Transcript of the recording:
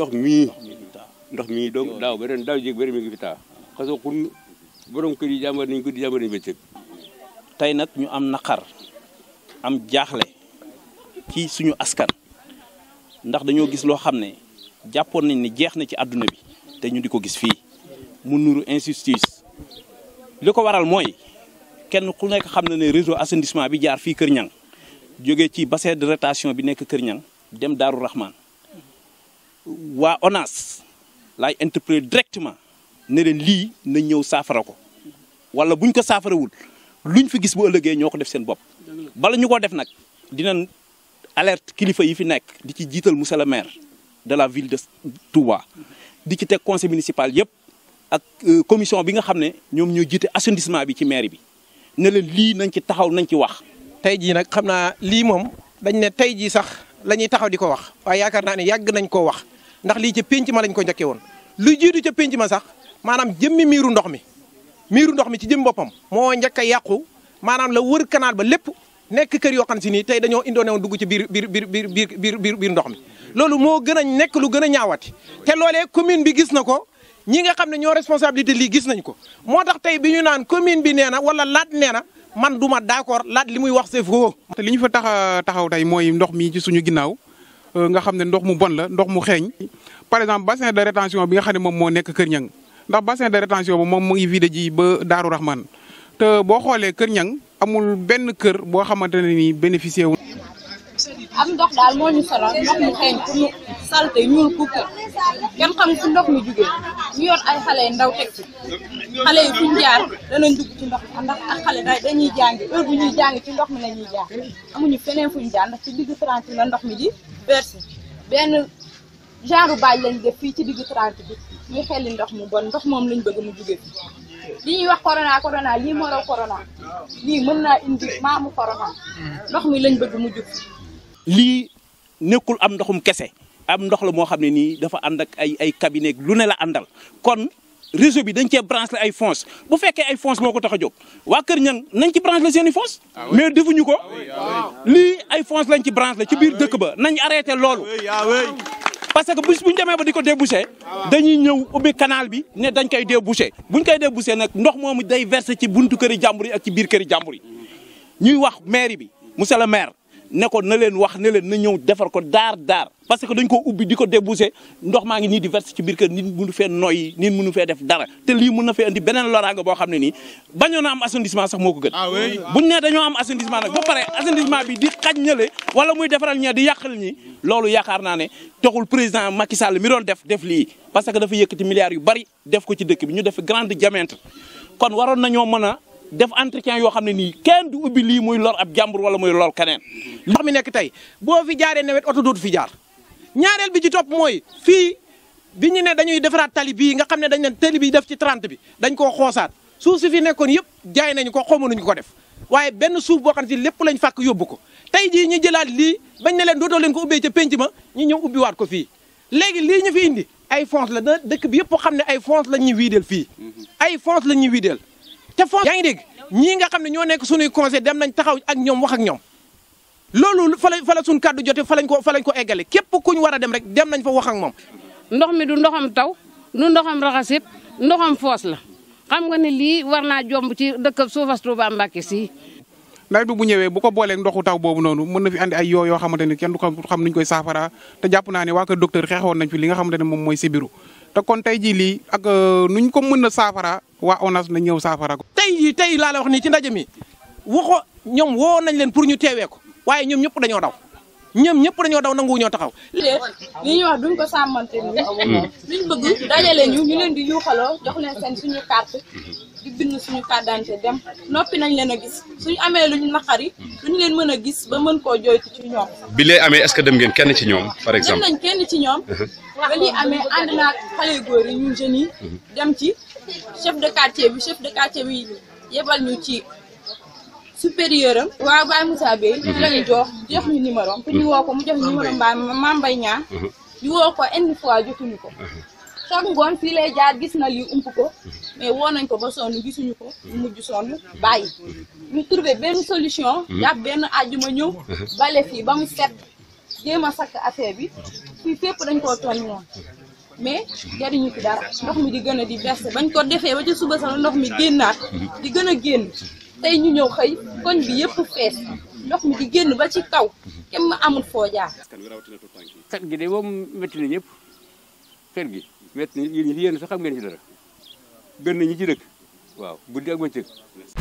ndox mii ndox mii donc daaw beneen daaw jéeg beneen ngi fi taa xasoo xun borom kër yi jàmbar nañ ko di jàmbar nañ bëccëg tey nag ñu am naqar am jaaxle ci suñu askan ndax dañoo gis loo xam ne jàppoon nañ ni jeex na ci àdduna bi te ñu di ko gis fii mu nuru injustice li ko waral mooy kenn ku nekk xam na ne réseau assainissement bi jaar fii Kër Ñang jóge ci bassin de retation bi nekk Kër Ñang dem Daaru Rahman waa ONAS laay interpellé directement ne leen lii na ñëw saafara ko wala buñ ko lu ñu fi gis bu ëllëgee ñoo ko def seen bopp. bala ñu ko def nag dinañ alerte kilifa yi fi nekk di ci jiital monsieur maire de la ville de Touba di ci teg conseil municipal yëpp ak euh, commission bi nga xam ne ñoom ñoo jiite assainissement bi ci maire bi ne leen lii nañ ci taxaw nañ ci wax. tey jii nag xam naa lii moom dañ ne tey jii sax. la ñuy taxaw di ko wax waaye yaakaar naa ne yàgg nañ koo wax ndax lii ca pénc ma lañ ko njëkkee woon lu jiitu ca pénc ma sax maanaam jëmmi miiru ndox mi miiru ndox mi ci jëm boppam moo njëkk a yàqu maanaam la wër canal ba lépp nekk kër yoo xam si nii tey dañoo indoone dugg ci biir biir biir biir biir biir biir ndox mi loolu moo gënañ a nekk lu gën a ñaawati te loolee commune bi gis na ko ñi nga xam ne ñoo responsabilité lii gis nañ ko moo tax tey bi ñu naan commune bi nee na wala laat nee na man du ma d'accord laaj li muy wax c'est te li ñu fa tax taxaw tey mooy ndox mi ci suñu ginnaaw euh, nga xam ne ndox mu bon la ndox mu xeeñ. par exemple bassin de rétention bi nga xam ne moom moo nekk Kër Ñang ndax bassin de rétention bi moom mu ngi vidé ji ba Daaru man te boo xoolee Kër Ñang amul benn kër boo xamante ne ni bénéficié wu. kenn xam fu ndox mi jugee ñu yor ay xale yu ndaw teg ci xale yi fuñ jaar danañ dugg ci ndox mi ndax dañuy jàngi heure bu ñuy ci ndox mi la jaar amuñu feneen fuñ jaar ndax ci diggu trente la ndox mi di versé benn genre baaj lañ def fii ci diggu trente bi ñuy xeli ndox mu bon ndox moom lañ bëgg mu jugee lii ñuy wax corona corona lii moo raw corona lii mën naa indi maamu corona ndox mi lañ bëgg mu jug lii nekkul am ndoxum kese am ndox la moo xam ne nii dafa ànd ak ay ay cabinet lu ne la àndal kon réseau bi dañ cee branché ay fonds bu fekkee ay fonds moo ko tax a jóg waa Kër Niang nañ ci branché la seen i fonds ah mais defuñu ko ah ah lii ay fonds lañ ci branché la ci biir dëkk ba nañ arrêté loolu parce que bis bu ñu demee ba di ko débouché dañuy ñëw ubbi kanaal bi ne dañ koy bu buñ koy débouché nag ndox moomu day verse ci buntu këri jàmbur ak ci biir këri jàmbur yi ñuy wax maire bi monsieur le maire ne ko na leen wax ne leen na ñëw defar ko daar daar parce que dañ ko ubbi di ko débouché ndox maa ngi nii di verse ci biir kër nit mënu fee noyyi nit mënu fee def dara te lii mun na fee indi beneen loraanga boo xam ne nii bañoon na am assainissement sax moo ko gën ah buñ ne dañoo am assainissement nag ba pare assainissement bi di xaj le wala muy defaral ñee di yàqal ñi loolu yaakaar naa ne taxul président Macky Sall mi doon def def lii parce que dafa yëkkati milliards yu bari def ko ci dëkk bi ñu def grande diamètre kon waroon nañoo mën a def entretien yoo xam ne nii kenn du ubbi lii muy lor ab jàmbur wala muy lool keneen. li mi nekk tey boo fi jaaree nawet oto dootu fi jaar ñaareel bi ci topp mooy fii bi ñu ne dañuy defaraat tali bii nga xam ne dañ ne tali bi def ci 30 bi dañ koo xoosaat suuf si fi nekkoon yëpp jaay nañu ko xamu nañu ko def. waaye benn suuf boo xam ne lépp lañ fàkk yóbbu ko tey jii ñu jëlaat lii bañ ne leen dootoo leen ko ubbee ca penc ma ñu ñëw ubbiwaat ko fii léegi lii ñu fi indi ay fonds la dëkk bi yëpp xam ne ay fonds la ñuy wiideel fii ay fonds la ñuy wiideel te fond yaa ngi dégg ñii nga xam ne ñoo nekk suñuy conseil dem nañ taxaw ak ñoom wax ak ñoom loolu fa la fa la kàddu jote fa lañ ko fa lañ ko eggale képp kuñ war a dem rek dem nañ fa wax ak moom. ndox mi du ndoxam taw du ndoxam raxasit ndoxam foos la xam nga ni lii war naa jomb ci dëkk suufas Touba Mbacke sii. nawet bi bu ñëwee bu ko boolee ndoxu taw boobu noonu mën na fi andi ay yoo yoo xamante ni kenn du ko xam nuñ koy saafara te jàpp naa ne waa kër docteur xeexoon nañ fi li nga xamante ne moom mooy sibiru te kon tey jii lii ak euh, nuñ ko mën na saafara waa ONAS na ñëw saafara ko. tey jii tey laa la wax nii ci ndaje mi waxo ñoom woo nañ leen pour ñu teewee ko waaye ñoom ñëpp dañoo daw ñoom ñëpp dañoo daw nangu ñoo taxaw. li ñuy wax duñ ko sàmmante ni. Mm-hmm. liñ bëgg dajale ñu ñu leen di yuuxaloo jox leen seen suñu carte. di bind suñu kàddaante dem noppi nañ leen a gis suñu amee luñ naqari duñ leen mën a gis ba mën koo jooytu ci ñoom. bi lee amee est que dem ngeen kenn ci ñoom par exemple kenn ci ñoom. Uh-huh. ba lii amee ànd naa xale góor yi ñu jeunes yi. Uh-huh. dem ci chef de quartier bi chef de quartier bi yebal ñu ci. supérieur am waaw Baye Moussa Bey la ñu jox ñu numéro am. Uh-huh. ko mu jox ñu numéro Mbaye Mame ñaan Niang. ñu woo ko une fois jotuñu ko. chaque ngoon fii lay jaar gis na lii ump ko mais woo nañ ko ba sonn gisuñu ko mu mujj sonn bàyyi ñu trouvé benn solution hmm. jàpp benn àjjuma ñëw hmm. bale fii ba mu set jéem a sakk affaire bi fii fépp dañ koo tooñ woon mais jariñu ci dara ndox mi di gën a di verse bañ ko defee ba ca suba sax ndox mi génnaat di gën a génn tey ñu ñëw xëy koñ bi yëpp fees ndox mi di génn ba ci kaw kenn ma amul foo jaar. gi de moom métti na ñëpp kër gi. wet yéen ñi fi yéen sax xam ngeen ci dara gën na ci dëkk waaw guddi ak bëccëg